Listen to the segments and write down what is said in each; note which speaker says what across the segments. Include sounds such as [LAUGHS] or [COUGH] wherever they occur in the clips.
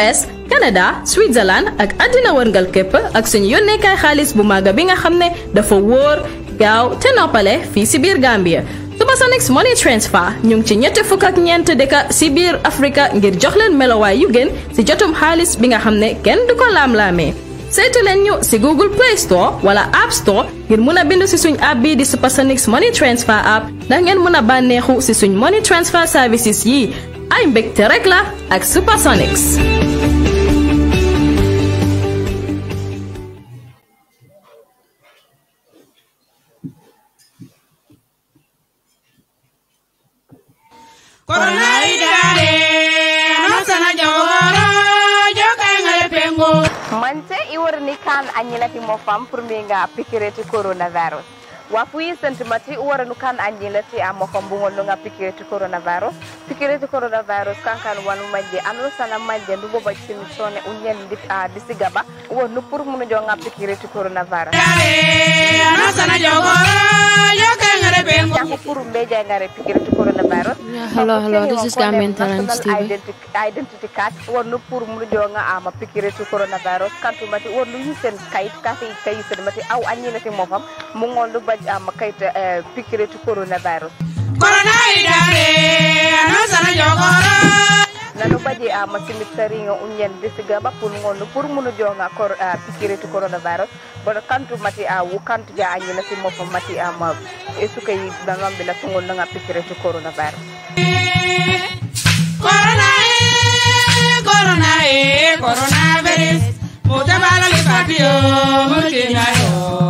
Speaker 1: US Canada Switzerland ak àddina wërngal kep ak suñu kay xaliss bu maga bi nga xamne ne dafa wóor gaaw te noppale fi ci bir Gambia Supersonics Money Transfer ñu ci ñett fuk ak ñeent dëkk ci bir Afrika ngir jox leen melaway yu gën ci jottum xaliss bi nga xamne kenn duko lam lamé. saytu leen ñu si Google Play Store wala App Store ngir mëna a bind si suñ app bi di Supersonics Money Transfer app ndax ngeen mëna a ci si money transfer services yi I'm Big Terekla at Supersonics. Koronari Mante iwar nikan anyilati mofam pour mi nga pikireti coronavirus wafui sentimati wara kan anjilati amma kombugol no ga pikireti coronavirus pikiritu coronavirus kankan wanu majje anu sana majje ndu boba simisone unyen dip a disiga ba wonu pour mun jo ga pikireti coronavirus anno sana jogo yo kangare bengo ko pour mbeje ngare pikireti coronavirus ya, hello hello this is gamin talent tv identity card wonu pour mun jo ga ama ah, pikireti coronavirus kantumati wonu yisen kayit kati kayit mati aw anjilati mofam mu ngol amakayta eh, fikiratu coronavirus nanu baje ama ah, simit sariŋo unyen disiga bapun ŋonu pour munu jonga kor uh, ah, pikiretu coronavirus bono kantu mati ah, a uh, wu kantu ja anyina si mofo mati ama uh, esuka yi bangam bila tuŋol naŋa pikiretu coronavirus corona e corona e coronavirus mutabala le patio mutina yo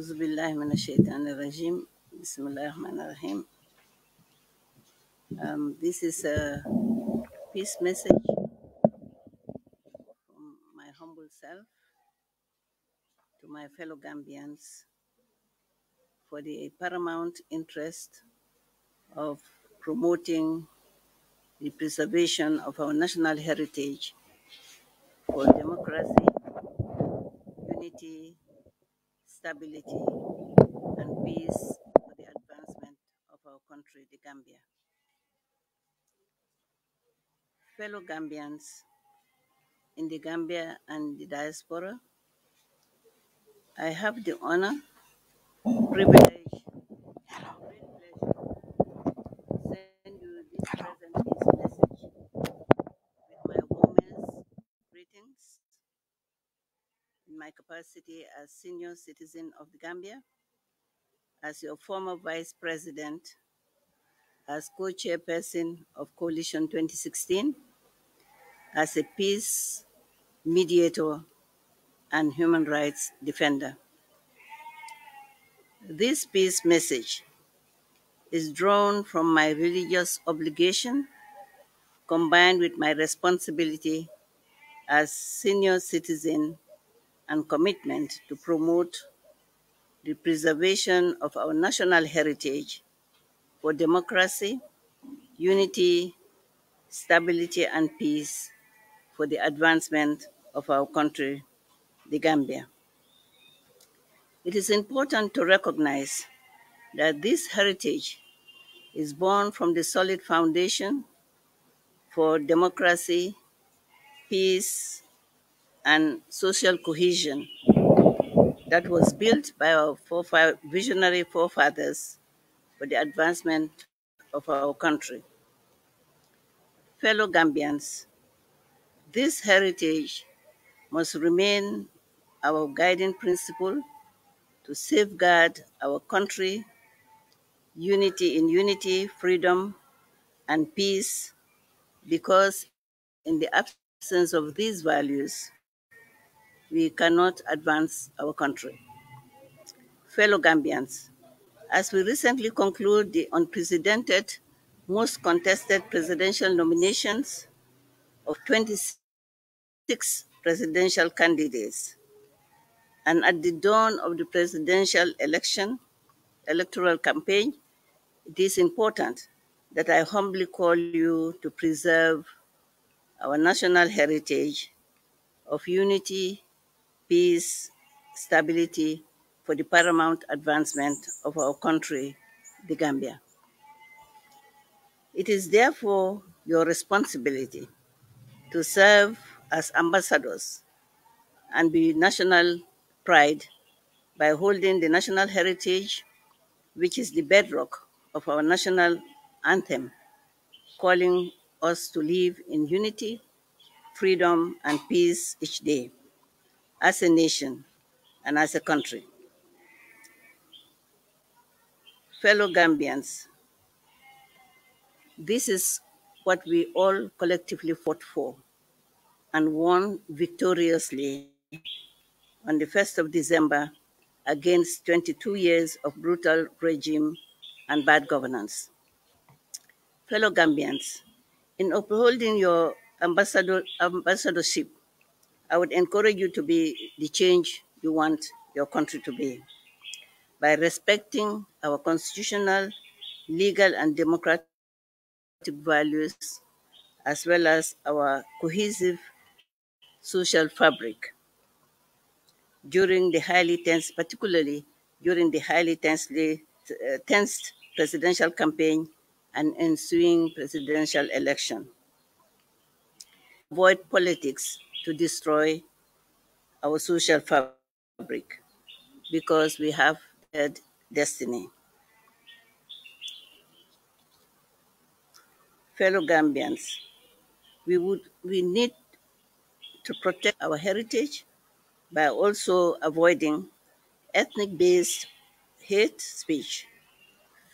Speaker 2: أعوذ بالله من الشيطان الرجيم بسم الله الرحمن الرحيم um, This is a peace message from my humble self to my fellow Gambians for the paramount interest of promoting the preservation of our national heritage for democracy, unity, stability and peace for the advancement of our country, the Gambia. Fellow Gambians in the Gambia and the diaspora, I have the honor, privilege, my capacity as senior citizen of the Gambia, as your former vice president, as co-chairperson of Coalition 2016, as a peace mediator and human rights defender. This peace message is drawn from my religious obligation combined with my responsibility as senior citizen and commitment to promote the preservation of our national heritage for democracy, unity, stability, and peace for the advancement of our country, the Gambia. It is important to recognize that this heritage is born from the solid foundation for democracy, peace, and social cohesion that was built by our visionary forefathers for the advancement of our country. Fellow Gambians, this heritage must remain our guiding principle to safeguard our country, unity in unity, freedom, and peace, because in the absence of these values, we cannot advance our country. Fellow Gambians, as we recently conclude the unprecedented, most contested presidential nominations of 26 presidential candidates, and at the dawn of the presidential election, electoral campaign, it is important that I humbly call you to preserve our national heritage of unity, peace, stability for the paramount advancement of our country, the Gambia. It is therefore your responsibility to serve as ambassadors and be national pride by holding the national heritage, which is the bedrock of our national anthem, calling us to live in unity, freedom, and peace each day as a nation and as a country. Fellow Gambians, this is what we all collectively fought for and won victoriously on the 1st of December against 22 years of brutal regime and bad governance. Fellow Gambians, in upholding your ambassador, ambassadorship I would encourage you to be the change you want your country to be by respecting our constitutional, legal, and democratic values, as well as our cohesive social fabric during the highly tense, particularly during the highly tensely, uh, tensed presidential campaign and ensuing presidential election. Avoid politics to destroy our social fabric because we have had destiny. Fellow Gambians, we would we need to protect our heritage by also avoiding ethnic-based hate speech,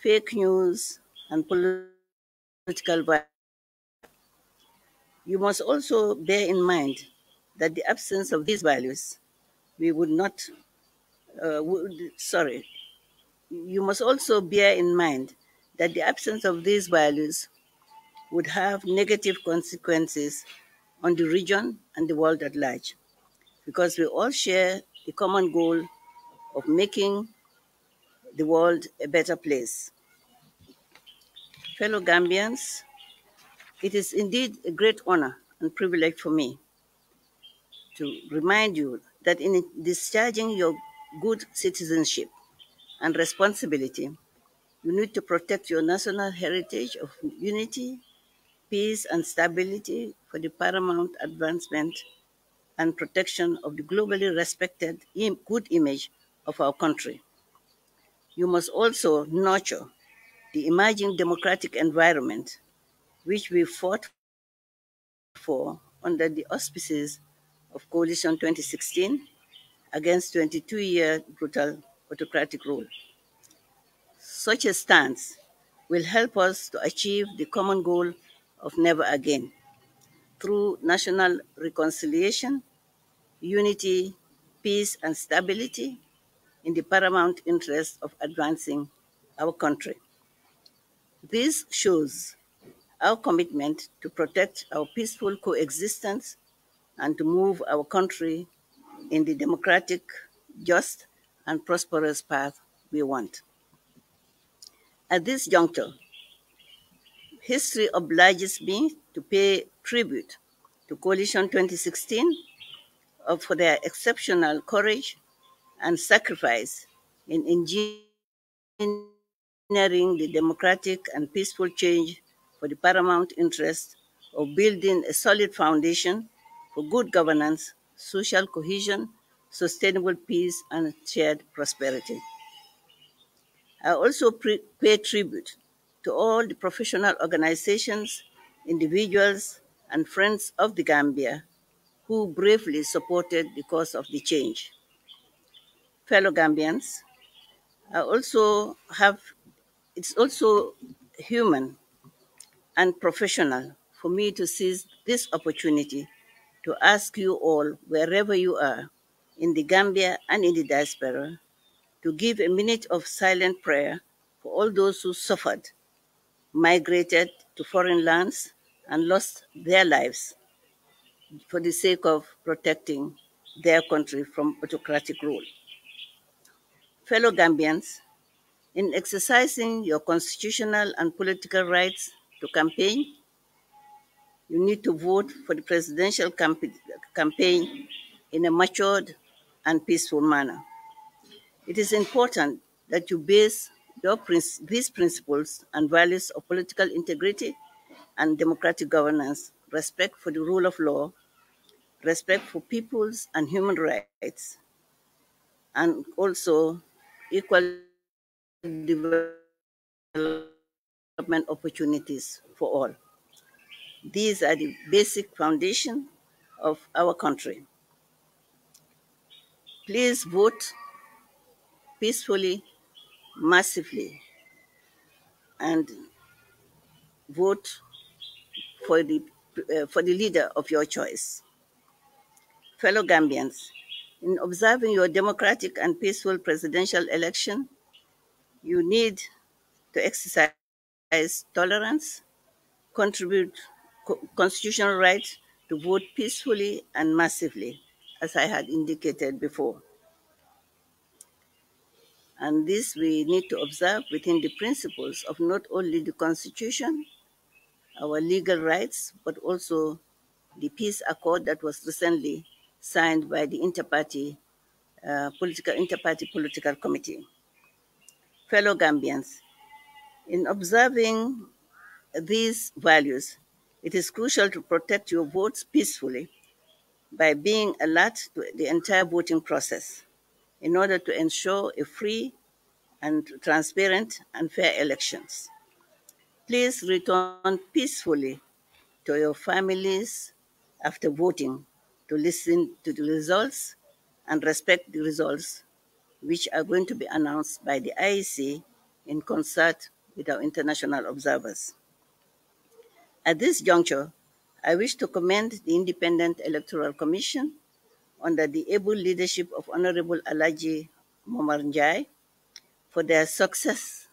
Speaker 2: fake news, and political violence. You must also bear in mind that the absence of these values, we would not, uh, would, sorry, you must also bear in mind that the absence of these values would have negative consequences on the region and the world at large, because we all share the common goal of making the world a better place. Fellow Gambians, it is indeed a great honor and privilege for me to remind you that in discharging your good citizenship and responsibility, you need to protect your national heritage of unity, peace, and stability for the paramount advancement and protection of the globally respected good image of our country. You must also nurture the emerging democratic environment which we fought for under the auspices of coalition 2016 against 22-year brutal autocratic rule. Such a stance will help us to achieve the common goal of never again through national reconciliation, unity, peace, and stability in the paramount interest of advancing our country. This shows our commitment to protect our peaceful coexistence and to move our country in the democratic, just, and prosperous path we want. At this juncture, history obliges me to pay tribute to Coalition 2016 for their exceptional courage and sacrifice in engineering the democratic and peaceful change for the paramount interest of building a solid foundation for good governance, social cohesion, sustainable peace, and shared prosperity. I also pay tribute to all the professional organizations, individuals, and friends of the Gambia who bravely supported the cause of the change. Fellow Gambians, I also have, it's also human and professional for me to seize this opportunity to ask you all, wherever you are, in the Gambia and in the diaspora, to give a minute of silent prayer for all those who suffered, migrated to foreign lands, and lost their lives for the sake of protecting their country from autocratic rule. Fellow Gambians, in exercising your constitutional and political rights to campaign, you need to vote for the presidential campaign in a matured and peaceful manner. It is important that you base princ these principles and values of political integrity and democratic governance, respect for the rule of law, respect for people's and human rights, and also equal development opportunities for all. These are the basic foundation of our country. Please vote peacefully, massively, and vote for the, uh, for the leader of your choice. Fellow Gambians, in observing your democratic and peaceful presidential election, you need to exercise tolerance, contribute constitutional right to vote peacefully and massively, as I had indicated before. And this we need to observe within the principles of not only the Constitution, our legal rights, but also the peace accord that was recently signed by the Interparty uh, Political Interparty Political Committee. Fellow Gambians, in observing these values, it is crucial to protect your votes peacefully by being alert to the entire voting process in order to ensure a free and transparent and fair elections. Please return peacefully to your families after voting to listen to the results and respect the results which are going to be announced by the IEC in concert with our international observers. At this juncture, I wish to commend the Independent Electoral Commission under the able leadership of Honorable Alaji Momarnjai for their success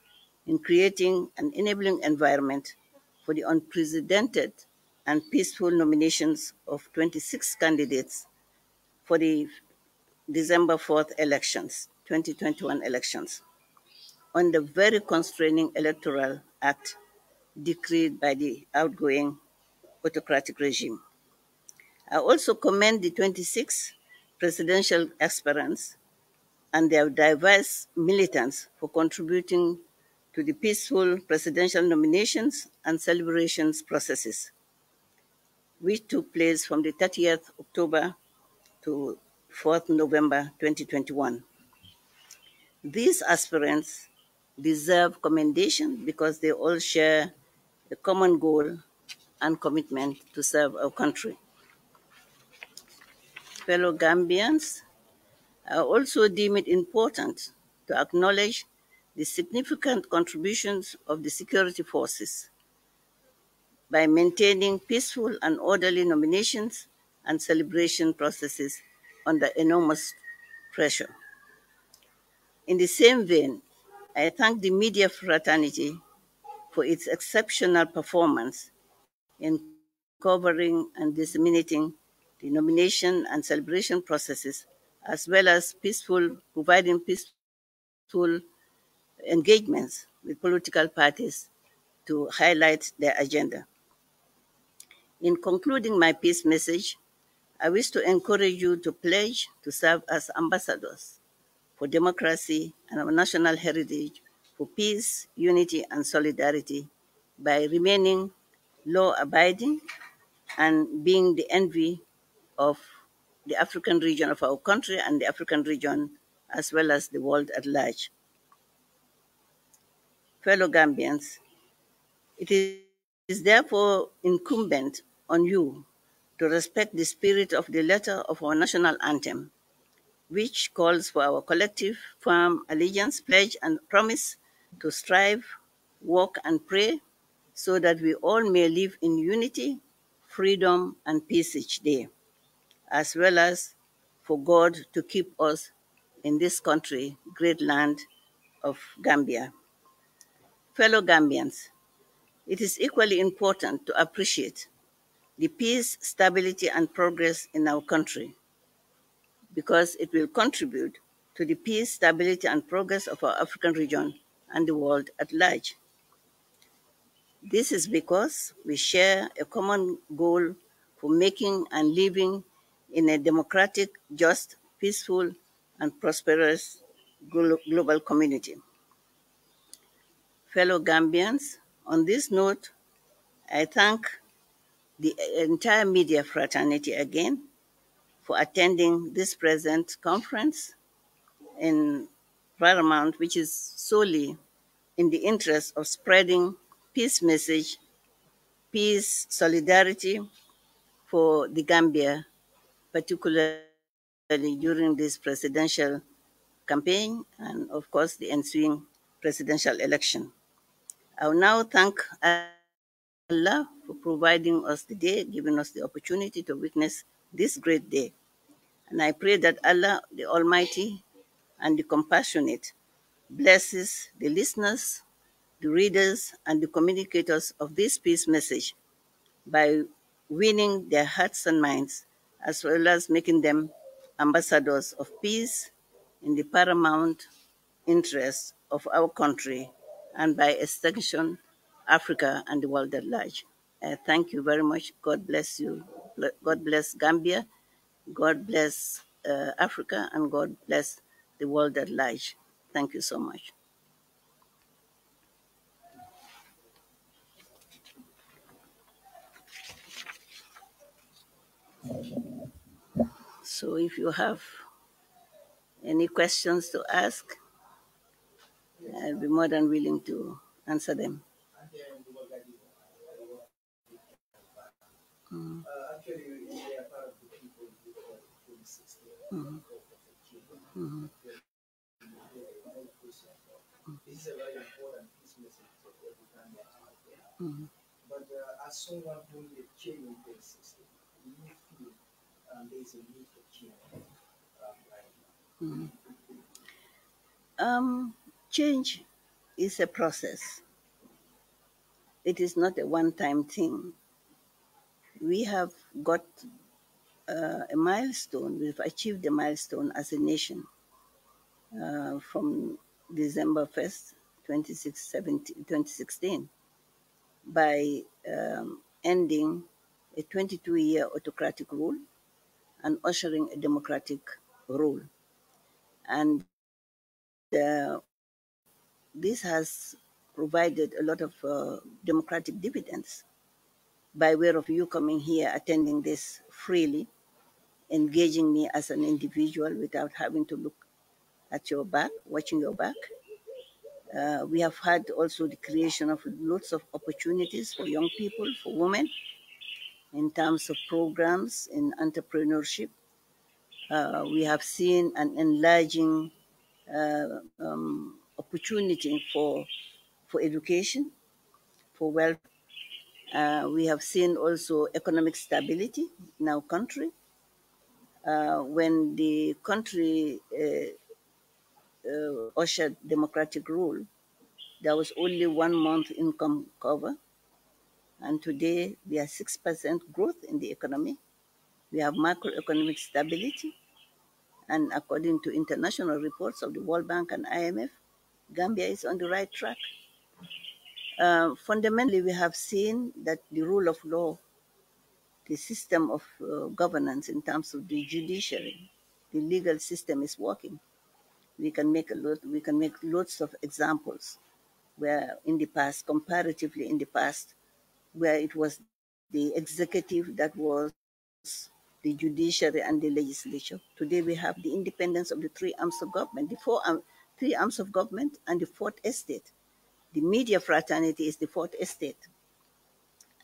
Speaker 2: in creating an enabling environment for the unprecedented and peaceful nominations of 26 candidates for the December 4th elections, 2021 elections, on the very constraining Electoral Act decreed by the outgoing autocratic regime. I also commend the 26 presidential aspirants and their diverse militants for contributing to the peaceful presidential nominations and celebrations processes, which took place from the 30th October to 4th November 2021. These aspirants deserve commendation because they all share the common goal and commitment to serve our country. Fellow Gambians, I also deem it important to acknowledge the significant contributions of the security forces by maintaining peaceful and orderly nominations and celebration processes under enormous pressure. In the same vein, I thank the media fraternity for its exceptional performance in covering and disseminating the nomination and celebration processes, as well as peaceful, providing peaceful engagements with political parties to highlight their agenda. In concluding my peace message, I wish to encourage you to pledge to serve as ambassadors for democracy and our national heritage for peace, unity, and solidarity by remaining law abiding and being the envy of the African region of our country and the African region as well as the world at large. Fellow Gambians, it is therefore incumbent on you to respect the spirit of the letter of our national anthem, which calls for our collective firm allegiance, pledge, and promise to strive, work, and pray so that we all may live in unity, freedom, and peace each day, as well as for God to keep us in this country, great land of Gambia. Fellow Gambians, it is equally important to appreciate the peace, stability, and progress in our country because it will contribute to the peace, stability, and progress of our African region and the world at large. This is because we share a common goal for making and living in a democratic, just, peaceful, and prosperous global community. Fellow Gambians, on this note, I thank the entire media fraternity again for attending this present conference in Paramount, which is solely in the interest of spreading peace message, peace, solidarity for the Gambia, particularly during this presidential campaign and, of course, the ensuing presidential election. I will now thank Allah for providing us the day, giving us the opportunity to witness this great day. And I pray that Allah, the Almighty and the Compassionate, blesses the listeners, the readers, and the communicators of this peace message by winning their hearts and minds, as well as making them ambassadors of peace in the paramount interests of our country and by extension, Africa and the world at large. Uh, thank you very much. God bless you. God bless Gambia. God bless uh, Africa and God bless the world at large. Thank you so much. So if you have any questions to ask, I'll be more than willing to answer them.
Speaker 1: Mm. Mm-hmm. Mm-hmm. mm-hmm. This is a very important peace message of every time that's out there. Mm-hmm. But uh, as someone who is a change in the system, you feel um, there is a need for change um, right
Speaker 2: now. Mm-hmm. Um, change is a process. It is not a one-time thing. We have got uh, a milestone. We've achieved a milestone as a nation uh, from December 1st, 2016, by um, ending a 22 year autocratic rule and ushering a democratic rule. And uh, this has provided a lot of uh, democratic dividends by way of you coming here, attending this freely, engaging me as an individual without having to look at your back, watching your back. Uh, we have had also the creation of lots of opportunities for young people, for women, in terms of programs in entrepreneurship. Uh, we have seen an enlarging uh, um, opportunity for, for education, for wealth. Uh, we have seen also economic stability in our country. Uh, when the country uh, uh, ushered democratic rule, there was only one month income cover. And today we have 6% growth in the economy. We have macroeconomic stability. And according to international reports of the World Bank and IMF, Gambia is on the right track. Uh, fundamentally, we have seen that the rule of law, the system of uh, governance in terms of the judiciary, the legal system is working we can make a lot we can make lots of examples where in the past comparatively in the past where it was the executive that was the judiciary and the legislature today we have the independence of the three arms of government the four um, three arms of government and the fourth estate the media fraternity is the fourth estate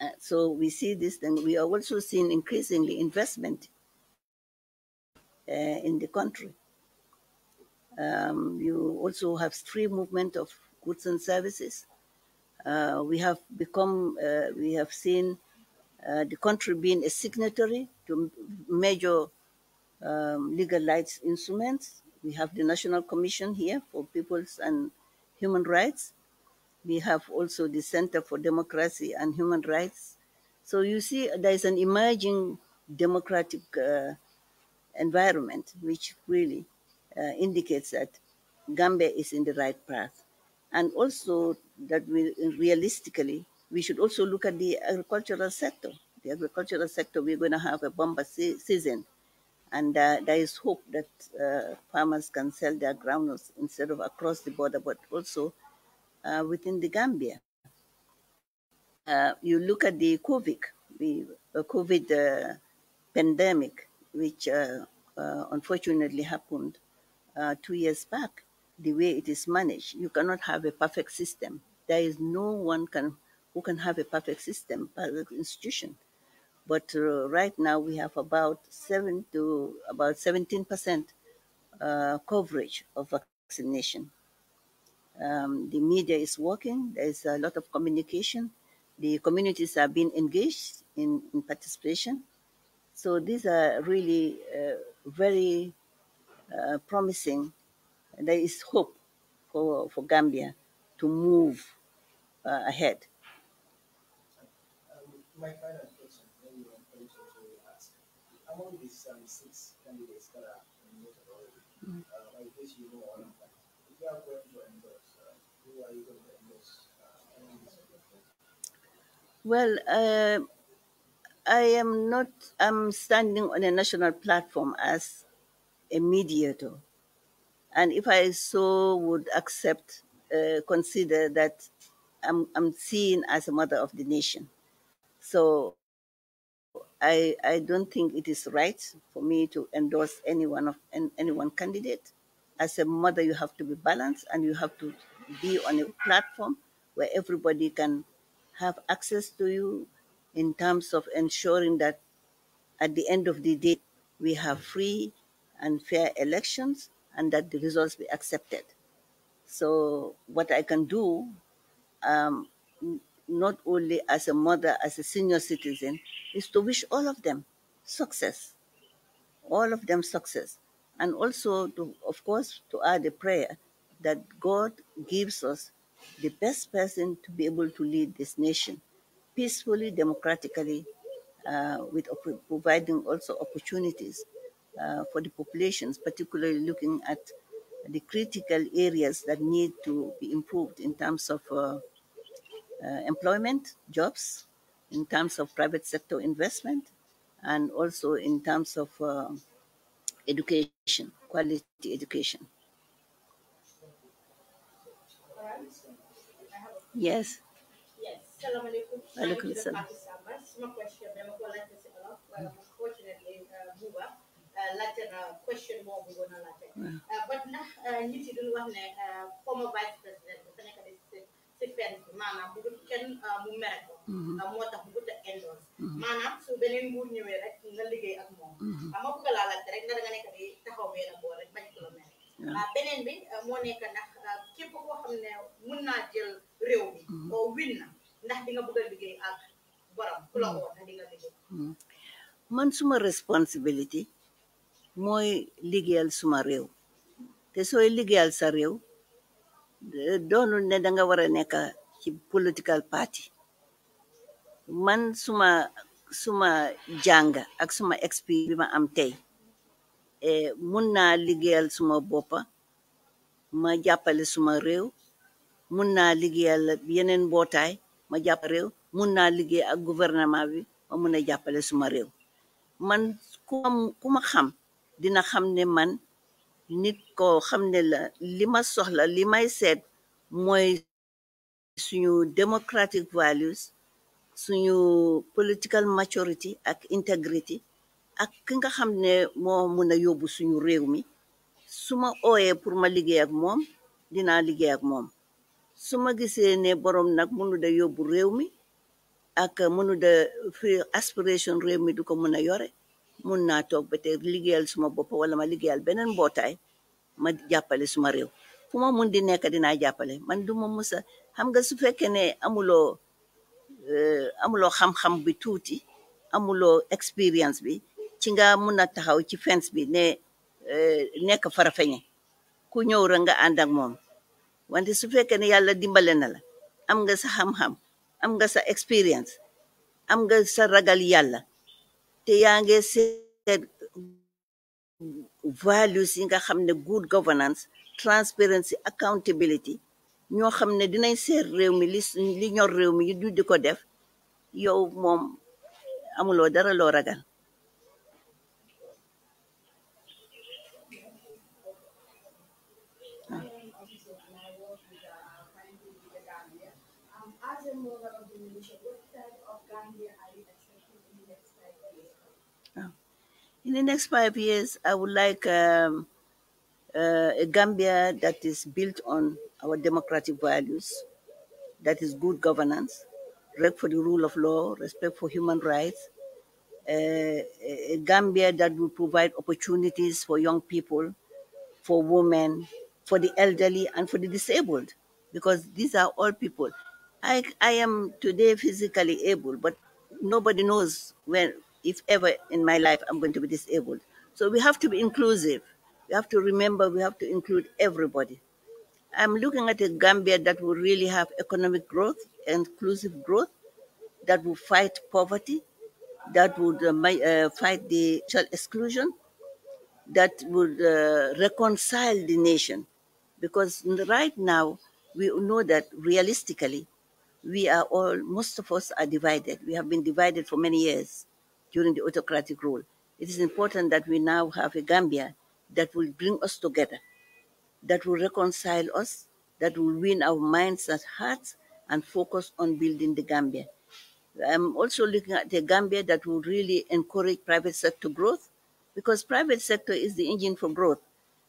Speaker 2: uh, so we see this then we are also seeing increasingly investment uh, in the country um, you also have free movement of goods and services. Uh, we have become, uh, we have seen uh, the country being a signatory to major um, legal rights instruments. We have the National Commission here for Peoples and Human Rights. We have also the Center for Democracy and Human Rights. So you see, there is an emerging democratic uh, environment, which really uh, indicates that Gambia is in the right path. And also that we realistically, we should also look at the agricultural sector. The agricultural sector, we're going to have a bumper se season. And uh, there is hope that uh, farmers can sell their groundnuts instead of across the border, but also uh, within the Gambia. Uh, you look at the COVID, the COVID uh, pandemic, which unfortunately happened uh, two years back, the way it is managed. You cannot have a perfect system. There is no one can who can have a perfect system, perfect institution. But uh, right now we have about seven to about seventeen percent uh, coverage of vaccination. Um, the media is working. There is a lot of communication. The communities are being engaged in, in participation. So these are really uh, very uh, promising. There is hope for, for Gambia to move uh, ahead.
Speaker 1: Um, my final question, maybe one question to ask. Among these um, six candidates that are nominated already, mm. uh, I guess you know all of them. If you are going to endorse, uh, who are you going to endorse? Uh,
Speaker 2: well, uh, I am not. I'm standing on a national platform as a mediator. And if I so would accept, uh, consider that I'm, I'm seen as a mother of the nation. So I, I don't think it is right for me to endorse any one of any one candidate. As a mother, you have to be balanced and you have to be on a platform where everybody can have access to you in terms of ensuring that at the end of the day we have free and fair elections and that the results be accepted. So, what I can do, um, not only as a mother, as a senior citizen, is to wish all of them success, all of them success. And also, to, of course, to add a prayer that God gives us the best person to be able to lead this nation peacefully, democratically, uh, with providing also opportunities uh, for the populations, particularly looking at the critical areas that need to be improved in terms of uh, uh employment, jobs, in terms of private sector investment, and also in terms of uh, education, quality education. Yes. Yes.
Speaker 1: Salam alaikum. Alaikum salam. My question, I'm a but unfortunately, uh, move up. Euh, laajte na question boobu woon na euh, ndax euh, nit yi wax ne former vice président dafa nekk kenn mu mere ko. Mhm. moo tax bu ta endorse. Mhm. maanaam su beneen nguur ñëwee rek nga liggéey ak moom. ma mhm. bëgg laa laajte rek nga nekk di taxaw benn boor rek bañ ko la beneen bi moo nekk ndax képp koo xam ne mun naa jël réew mi. oo win na ndax di nga liggéey ak borom ku la ko wax di liggéey.
Speaker 2: man suma responsibility. mooy liggéeyal suma réew te sooy liggéeyal sa réew doonul ne danga war a nekk ci political party man suma suma jànga ak suma expérience bi ma am tey e, mun naa liggéeyal suma boppa ma jàppale suma réew mun naa liggéeyal yeneen mbootaay ma jàppale réew mun naa liggéey ak gouvernement bi ma mun a jàppale suma réew man ku ma ku ma xam dina xam ne man nit koo xam ne la li ma soxla li may seet mooy suñu democratic values suñu political maturity ak integrity ak ki nga xam ne moo mun a yóbbu suñu réew mi su ma ooyee pour ma liggéey ak moom dinaa liggéey ak moom su ma gisee ne borom nag mënu da yóbbu réew mi ak mënu da fi aspiration réew mi du ko mën a yore mun naa toog ba tey liggéeyal suma bopp wala ma liggéeyal beneen mbootaay ma jàppale suma réew fu ma mun di nekk dinaa jàppale man du ma musa xam nga su fekkee ne amuloo eh, amuloo xam-xam bi tuuti amuloo expérience bi ci nga mun a taxaw ci fence bi ne eh, nekk farafeñe ku ñëw rek nga ànd ak moom wante su fekkee ne yàlla dimbale na la am nga sa xam am nga sa expérience am nga sa ragal yàlla The youngest said values yi nga good governance transparency accountability ñoo xam ne dinañ seet réew mi li ñor réew mi du di ko def yow moom amuloo dara loo ragal
Speaker 1: Gambia ah. are you
Speaker 2: in the next five years, I would like um, uh, a Gambia that is built on our democratic values, that is good governance, respect for the rule of law, respect for human rights, uh, a Gambia that will provide opportunities for young people, for women, for the elderly, and for the disabled, because these are all people. I, I am today physically able, but nobody knows when if ever in my life I'm going to be disabled. So we have to be inclusive. We have to remember we have to include everybody. I'm looking at a Gambia that will really have economic growth, inclusive growth, that will fight poverty, that would uh, uh fight the child exclusion, that would uh, reconcile the nation. Because right now, we know that realistically, we are all, most of us are divided. We have been divided for many years during the autocratic rule. It is important that we now have a Gambia that will bring us together, that will reconcile us, that will win our minds and hearts, and focus on building the Gambia. I'm also looking at a Gambia that will really encourage private sector growth, because private sector is the engine for growth.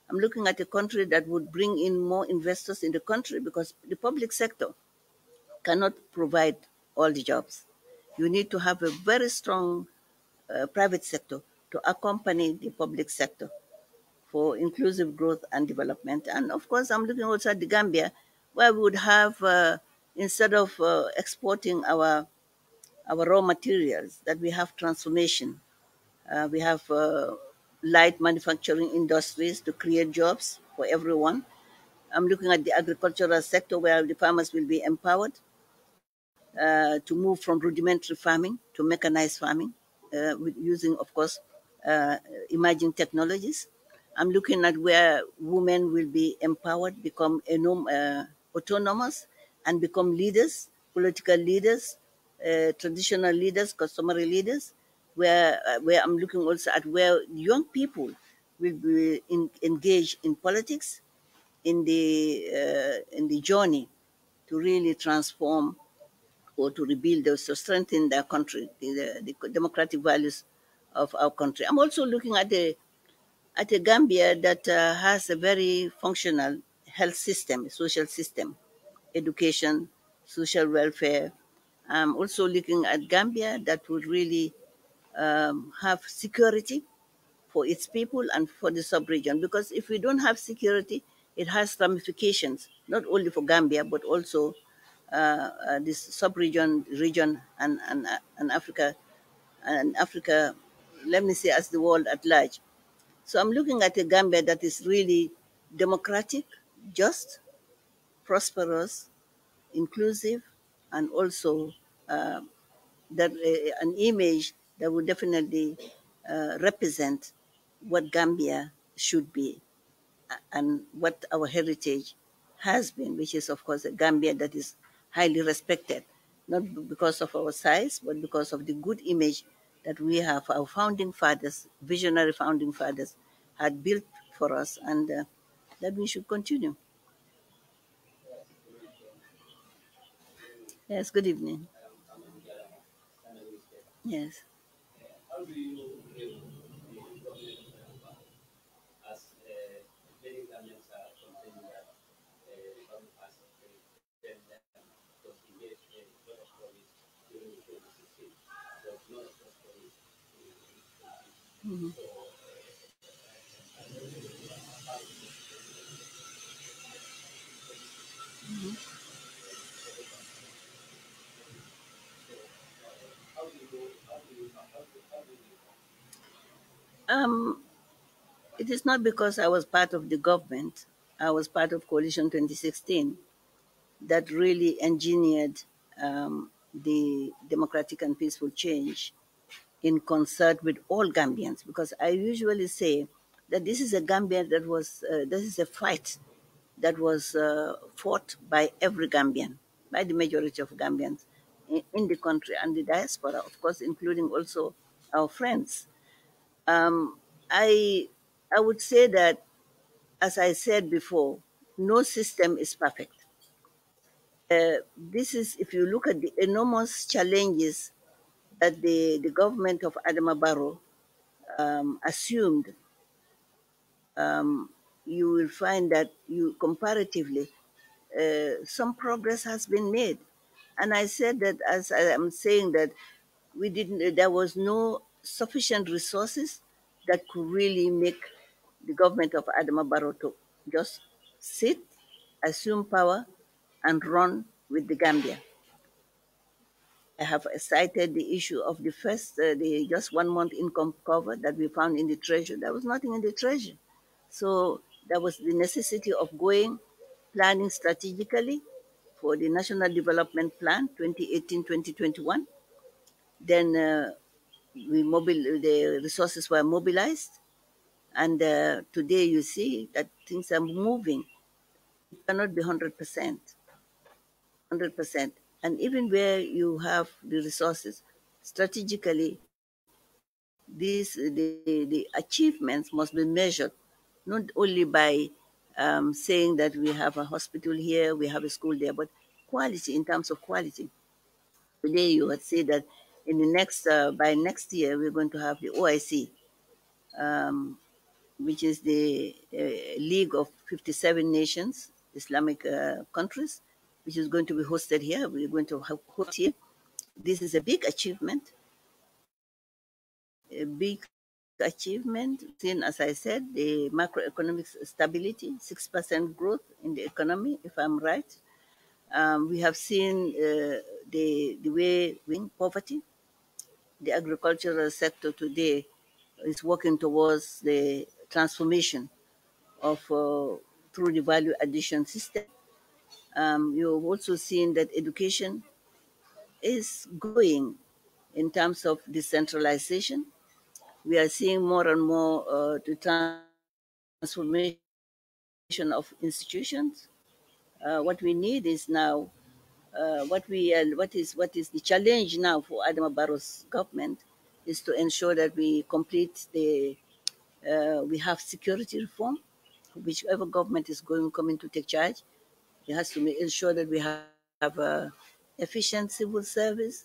Speaker 2: I'm looking at a country that would bring in more investors in the country because the public sector cannot provide all the jobs. You need to have a very strong uh, private sector to accompany the public sector for inclusive growth and development. And of course, I'm looking also at the Gambia, where we would have, uh, instead of uh, exporting our our raw materials, that we have transformation. Uh, we have uh, light manufacturing industries to create jobs for everyone. I'm looking at the agricultural sector, where the farmers will be empowered uh, to move from rudimentary farming to mechanized farming. Uh, with using, of course, uh, emerging technologies. I'm looking at where women will be empowered, become enorm- uh, autonomous, and become leaders, political leaders, traditional leaders, customary leaders. Where, where I'm looking also at where young people will be in, engaged in politics in the uh, in the journey to really transform people to rebuild or to strengthen their country, the, the democratic values of our country. I'm also looking at the at a Gambia that uh, has a very functional health system, social system, education, social welfare. I'm also looking at Gambia that would really um, have security for its people and for the sub-region. Because if we don't have security, it has ramifications, not only for Gambia, but also uh, uh, this sub-region, region, and and, uh, and Africa, and Africa. Let me say as the world at large. So I'm looking at a Gambia that is really democratic, just, prosperous, inclusive, and also uh, that uh, an image that would definitely uh, represent what Gambia should be and what our heritage has been, which is of course a Gambia that is highly respected, not because of our size, but because of the good image that we have. Our founding fathers, visionary founding fathers, had built for us, and uh, that we should continue. Yes, good evening. Yes. Mm-hmm. Um, it is not because I was part of the government, I was part of Coalition 2016 that really engineered um, the democratic and peaceful change in concert with all Gambians because I usually say that this is a Gambian that was, uh, this is a fight that was uh, fought by every Gambian, by the majority of Gambians in, in, the country and the diaspora, of course, including also our friends. Um, I, I would say that, as I said before, no system is perfect. Uh, this is, if you look at the enormous challenges that the, the government of Adama Barrow um, assumed, um, you will find that you comparatively, uh, some progress has been made. And I said that as I am saying that we didn't, there was no sufficient resources that could really make the government of Adama Barrow to just sit, assume power, and run with the Gambia have cited the issue of the first, uh, the just one month income cover that we found in the treasure. There was nothing in the treasure. So there was the necessity of going, planning strategically for the National Development Plan 2018-2021. Then uh, we mobil- the resources were mobilized. And uh, today you see that things are moving. It cannot be 100%. 100%. And even where you have the resources, strategically, these the, the achievements must be measured not only by um, saying that we have a hospital here, we have a school there, but quality in terms of quality. Today, you would say that in the next uh, by next year we're going to have the OIC, um, which is the uh, League of 57 Nations, Islamic uh, countries, which is going to be hosted here. We're going to host here. This is a big achievement. A big achievement. Seen as I said, the macroeconomic stability, 6% growth in the economy, if I'm right. Um, we have seen uh, the, the way we poverty. The agricultural sector today is working towards the transformation of uh, through the value addition system um, you've also seen that education is growing in terms of decentralization. We are seeing more and more uh, the transformation of institutions. Uh, what we need is now uh, what we uh, what is what is the challenge now for Adama Barrow's government is to ensure that we complete the uh, we have security reform, whichever government is going coming to take charge, it has to ensure that we have, have a efficient civil service.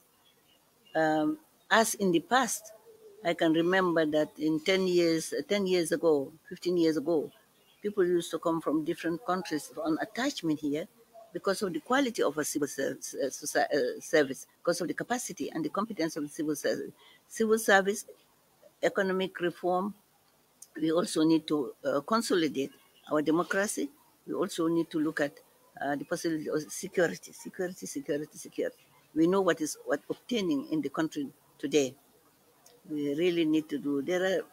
Speaker 2: Um, as in the past, I can remember that in 10 years, uh, 10 years ago, 15 years ago, people used to come from different countries on attachment here because of the quality of a civil uh, uh, service, because of the capacity and the competence of the civil service. Civil service, economic reform, we also need to uh, consolidate our democracy. We also need to look at the uh, possibility of uh, security, security, security, security. We know what is what obtaining in the country today. We really need to do. There are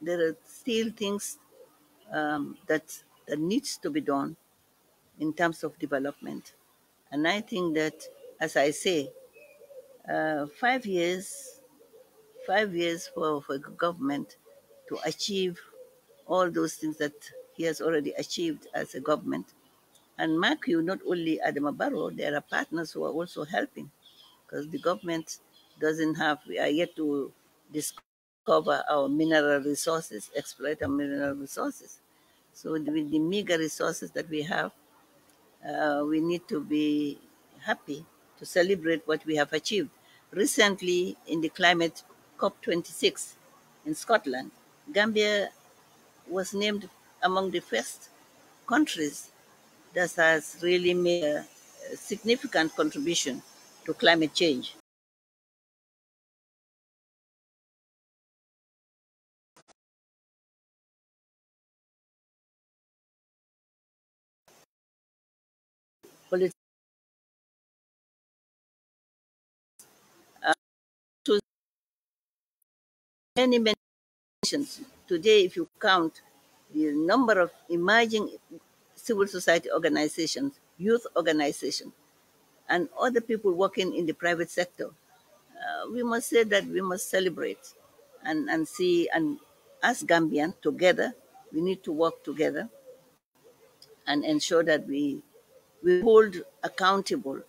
Speaker 2: there are still things um, that that needs to be done in terms of development, and I think that, as I say, uh, five years, five years for for government to achieve all those things that he has already achieved as a government and mark you, not only Adama Barrow, there are partners who are also helping because the government doesn't have, we are yet to discover our mineral resources, exploit our mineral resources. So with the meager resources that we have, uh, we need to be happy to celebrate what we have achieved. Recently, in the climate COP26 in Scotland, Gambia was named among the first countries this has really made a significant contribution to climate change.
Speaker 1: Uh, many,
Speaker 2: many nations. Today, if you count the number of emerging civil society organizations, youth organizations, and other people working in the private sector. Uh, we must say that we must celebrate and, and see, and as Gambians together, we need to work together and ensure that we, we hold accountable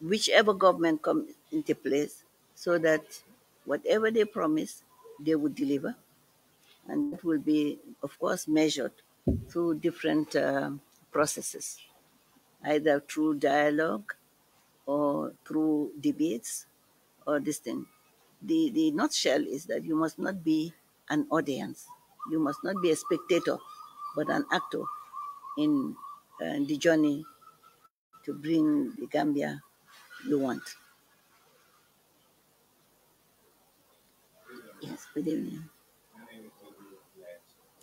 Speaker 2: whichever government comes into place so that whatever they promise, they would deliver. And it will be, of course, measured through different uh, processes, either through dialogue or through debates or this thing. The, the nutshell is that you must not be an audience, you must not be a spectator, but an actor in, uh, the journey to bring the Gambia you want. Yes, good evening.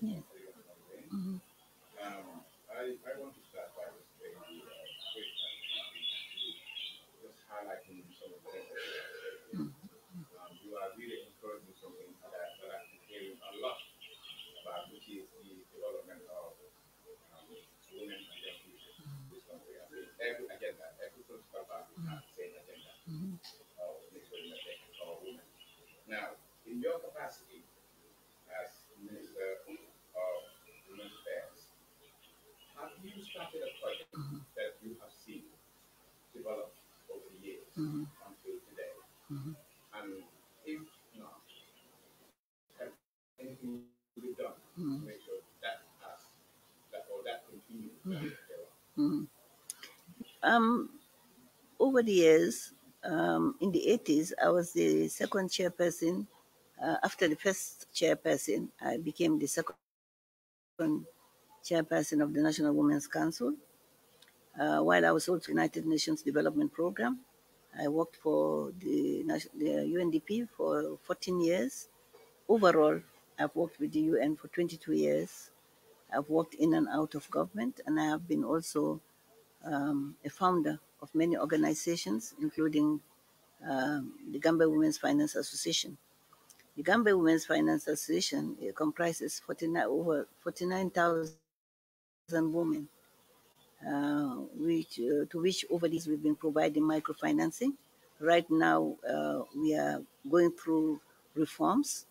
Speaker 2: Yes. Mm-hmm. Now, I, I want to start by just saying, uh, quick, just highlighting some of the things um,
Speaker 1: you are really encouraging something that, I've been hearing a lot about, which is the development of um, women and young people in this country. I mean, every agenda, every political party mm-hmm. has the same agenda mm-hmm. of women. Now, in your capacity, you started a project mm-hmm. that you have seen develop over the years mm-hmm. until today, mm-hmm. and if not, have anything will be done to make sure that has, that or that continues.
Speaker 2: Um, over the years, um, in the 80s, I was the second chairperson. Uh, after the first chairperson, I became the second chairperson of the National Women's Council. Uh, while I was also United Nations Development Program, I worked for the, the UNDP for 14 years. Overall, I've worked with the UN for 22 years. I've worked in and out of government, and I have been also um, a founder of many organizations, including um, the Gambia Women's Finance Association. The Gambia Women's Finance Association comprises 49, over 49,000 and women, uh, which, uh, to which over this we've been providing microfinancing. Right now, uh, we are going through reforms,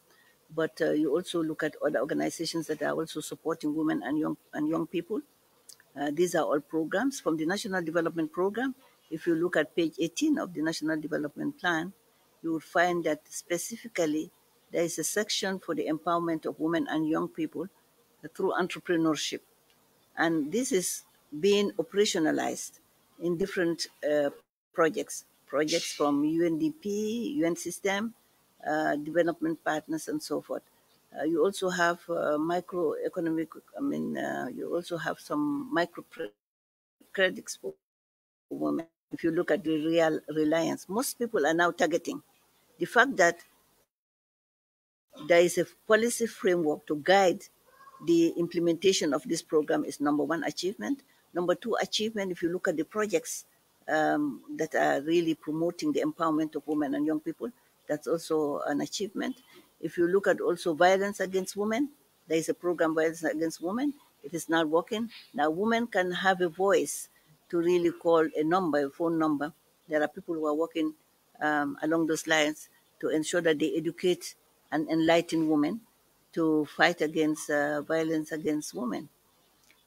Speaker 2: but uh, you also look at other organizations that are also supporting women and young, and young people. Uh, these are all programs from the National Development Program. If you look at page 18 of the National Development Plan, you will find that specifically there is a section for the empowerment of women and young people through entrepreneurship. And this is being operationalized in different uh, projects, projects from UNDP, UN system, uh, development partners, and so forth. Uh, you also have uh, microeconomic, I mean, uh, you also have some micro credits for women. If you look at the real reliance, most people are now targeting the fact that there is a policy framework to guide the implementation of this program is number one achievement. Number two achievement, if you look at the projects um, that are really promoting the empowerment of women and young people, that's also an achievement. If you look at also violence against women, there is a program violence against women. It is not working. Now women can have a voice to really call a number, a phone number. There are people who are working um, along those lines to ensure that they educate and enlighten women to fight against uh, violence against women.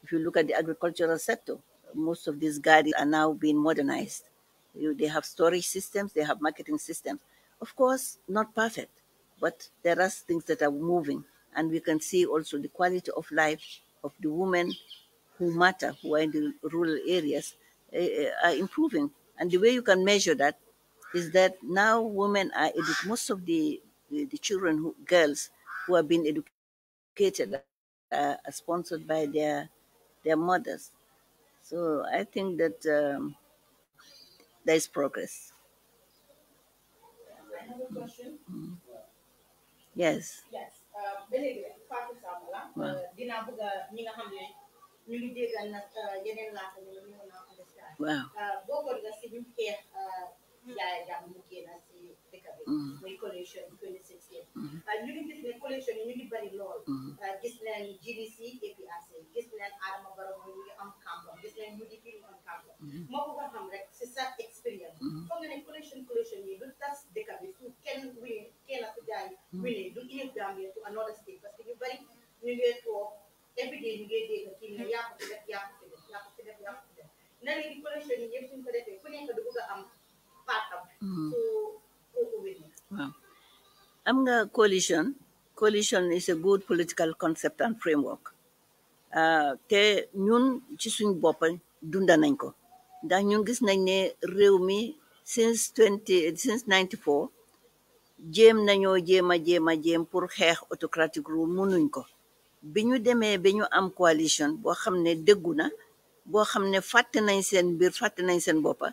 Speaker 2: If you look at the agricultural sector, most of these gardens are now being modernized. You, they have storage systems, they have marketing systems. Of course, not perfect, but there are things that are moving. And we can see also the quality of life of the women who matter, who are in the rural areas, uh, are improving. And the way you can measure that is that now women are most of the, the, the children, who, girls, who have been educated uh, are sponsored by their their mothers. So I think that um, there is progress. Mm-hmm. Yes.
Speaker 1: Yes. Uh, uh, a Mm. manipulation 2016 ñu mm-hmm. ngi gis ne this yi ñu ngi very low. This land GDC APRC this land Adama Barrow ñu ngi am campagne This land UDP ñu am campagne moo ko this is rek si sa expérience mm-hmm. foog nga ne collation collation yi du tas dëkk bi su kenn win kenn ku jaay mm-hmm. win du indi Gambia to another state parce que ñu bëri ñu ngi toog every day ñu ngi dégg kii ne yaa ko to get. yaa ko fi def yaa ko fi def yaa ko fi def na léegi collation yi yëpp suñ ko defee ku nekk du bëgg a am part up.
Speaker 2: so Wow. am a coalition. Coalition is a good political concept and framework. Ah, te ñun ci suñ bopp dunda nañ ko ndax ñun gis nañ ne réew mi since twenty since ninety four jéem nañoo jéem a jéem a jéem pour xeex autocratic rule mënuñ ko bi ñu demee ba am coalition boo xam ne déggu na boo xam ne fàtte nañ seen mbir fàtte nañ seen boppa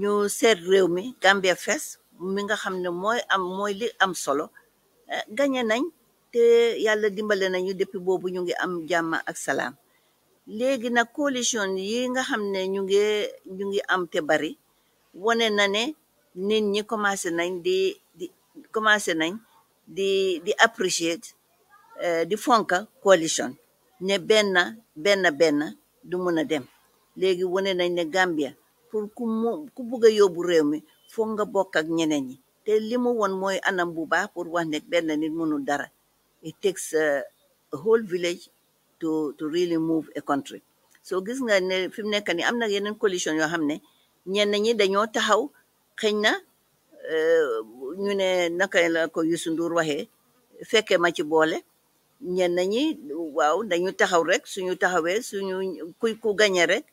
Speaker 2: ñu seet réew mi Gambia fees mi nga xam ne mooy am mooy li am solo eh, gañe nañ te yàlla dimbale nañu depuis boobu ñu ngi am jàmm ak salaam léegi nag coalition yi nga xam ne ñu ngi ñu ngi am te bari wane na ne nit ñi commencé nañ di di commencé nañ di di apprécier eh, di fonka coalition ne benn benn benn du mun a dem léegi wane nañ ne Gambia pour ku mu ku bugg a yóbbu réew mi foog nga bokk ak ñeneen ñi te li mu woon mooy anam bu baax pour wax ne benn nit mënul dara it takes a whole village to to really move a country so gis nga ne fi mu nekk nii am na yeneen coalition yoo xam ne ñenn ñi dañoo taxaw xëñ na euh, ñu ne naka la ko Youssou Ndour waxee fekkee ma ci boole ñenn ñi waaw dañu taxaw rek su ñu taxawee suñu kuy ku gañe rek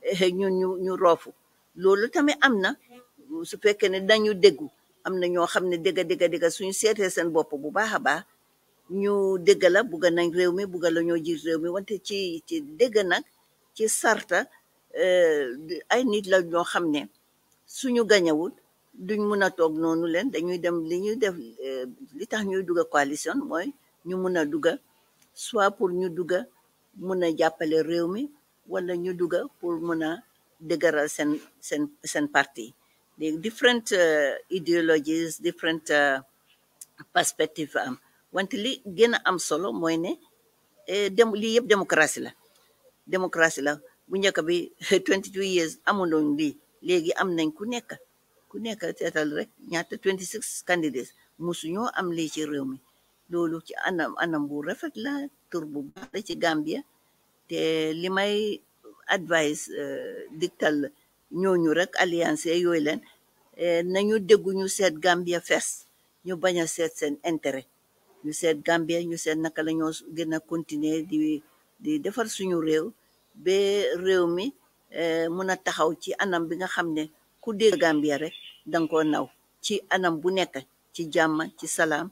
Speaker 2: [LAUGHS] ñun ñu ñu roofu loolu tamit am na su fekkee ne dañu déggu am na ñoo xam ne dégga dégga suñu seetee seen bopp bu baax a baax ñu dégga la bugga nañ réew mi bugga la ñoo jiit réew mi wante ci ci dégg nag ci sarta euh, ay nit la ñoo xam ne suñu gañawul duñ mun a toog noonu leen dañuy dem li ñuy def euh, li tax ñuy dugga coalition mooy ñu mun a dugga soit pour ñu dugga mun a jàppale réew mi wala ñu dugga pour mun a dëgëral seen seen seen parti the different uh, ideologies, different uh, perspective am um, wante li gën a am solo mooy eh, dem lii yëpp démocratie la democracy la bu njëkk bi [LAUGHS] 22 years amuloon li léegi am nañ ku nekk ku nekk teetal rek ñaata 26 candidates musuñoo am lii ci réew mi loolu ci anam anam bu rafet la tur bu baax ci Gambia te li may advice euh, diktal ñooñu rek alliance yooyu leen eh, nañu déggu ñu seet Gambia first ñu bañ a seet seen intérêt ñu seet Gambia ñu seet naka la ñoo gën a continuer di di defar suñu réew ba réew mi eh, mun a taxaw ci anam bi nga xam ne ku dégg Gambia rek danga naw ci anam bu nekk ci jàmm ci salaam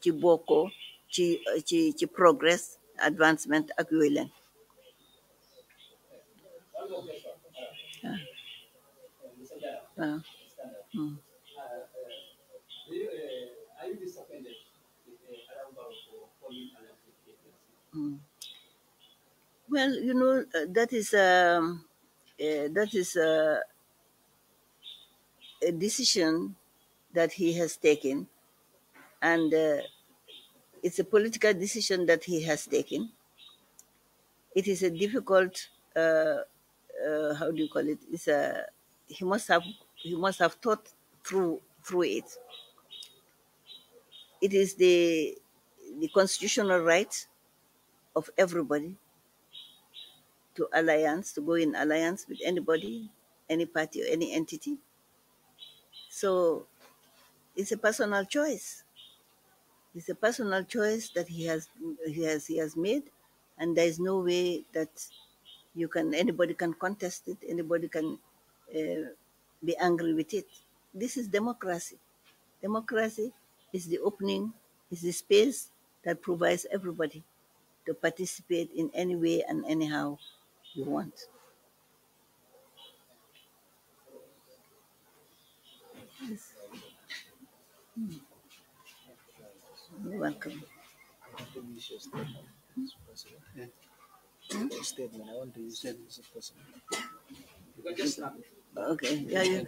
Speaker 2: ci bokkoo ci ci ci progress advancement ak yooyu leen
Speaker 1: Uh, mm.
Speaker 2: Well, you know uh, that is a um, uh, eh, that is uh, a decision that he has taken, and uh, it's a political decision that he has taken. It is a difficult, uh, how do you call it? It's a he must have you must have thought through through it. It is the the constitutional right of everybody to alliance, to go in alliance with anybody, any party or any entity. So it's a personal choice. It's a personal choice that he has he has he has made and there is no way that you can anybody can contest it, anybody can uh, be angry with it. This is democracy. Democracy is the opening, is the space that provides everybody to participate in any way and anyhow you want.
Speaker 1: Yes. Hmm. You're welcome. Hmm? Statement. I want to use as a you can just snap it. Okay. Yeah, you,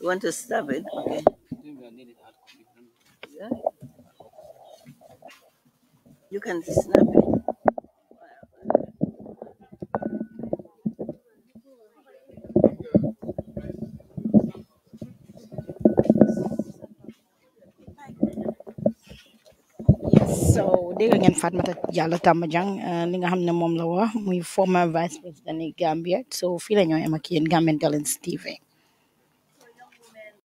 Speaker 1: you want to snap it? Okay. Yeah.
Speaker 2: You can snap it.
Speaker 1: dégg ngeen Fatoumatta Jallow Tambajang euh, li nga xam ne moom la wax muy former vice président Gambia so fii la ñoo yem ak yéen Gambian